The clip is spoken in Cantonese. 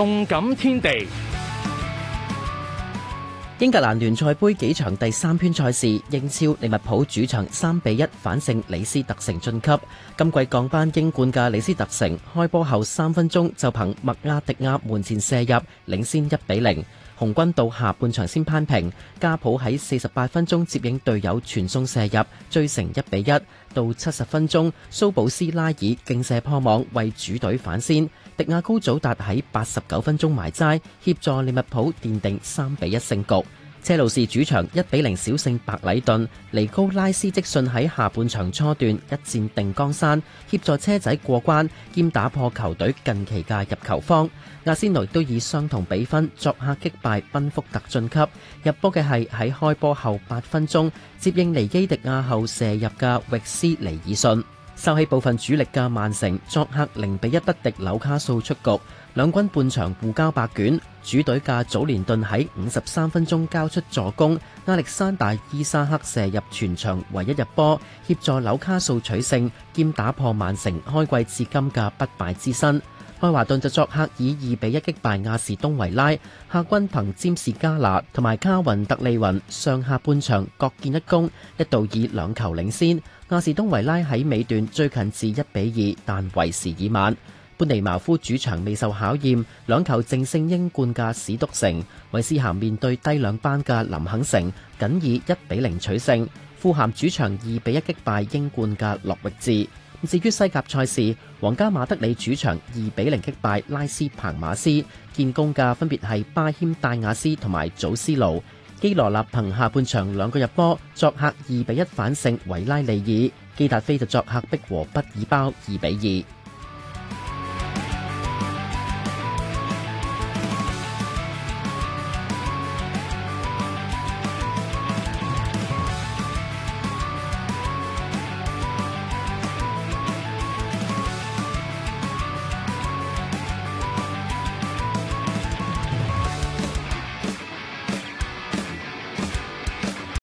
動感天地，英格蘭聯賽杯幾場第三圈賽事，英超利物浦主場三比一反勝李斯特城晉級。今季降班英冠嘅李斯特城，開波後三分鐘就憑麥亞迪亞門前射入，領先一比零。紅軍到下半場先攀平，加普喺四十八分鐘接應隊友傳送射入，追成一比一。到七十分鐘，蘇保斯拉爾勁射破網為主隊反先，迪亞高祖達喺八十九分鐘埋齋協助利物浦奠定三比一勝局。車路士主場一比零小勝白禮頓，尼高拉斯即信喺下半場初段一戰定江山，協助車仔過關兼打破球隊近期嘅入球荒。阿仙奴都以相同比分作客擊敗奔福特晉級，入波嘅係喺開波後八分鐘接應尼基迪亞後射入嘅域斯尼爾遜。收起部分主力嘅曼城作客零比一不敵紐卡素出局，兩軍半場互交白卷。主隊嘅祖連頓喺五十三分鐘交出助攻，亞歷山大伊沙克射入全場唯一入波，協助紐卡素取勝，兼打破曼城開季至今嘅不敗之身。開華頓就作客以二比一擊敗亞士東維拉，客軍憑占士加拿同埋卡雲特利雲上下半場各建一功，一度以兩球領先。亞士東維拉喺尾段追近至一比二，但為時已晚。班尼茅夫主場未受考驗，兩球淨勝英冠嘅史篤城。韋斯咸面對低兩班嘅林肯城，僅以一比零取勝。富咸主場二比一擊敗英冠嘅諾域治。至於西甲賽事，皇家馬德里主場二比零擊敗拉斯彭馬斯，建功嘅分別係巴謙、戴亞斯同埋祖斯魯。基羅納憑下半場兩個入波，作客二比一反勝維拉利爾。基達菲就作客逼和畢爾包二比二。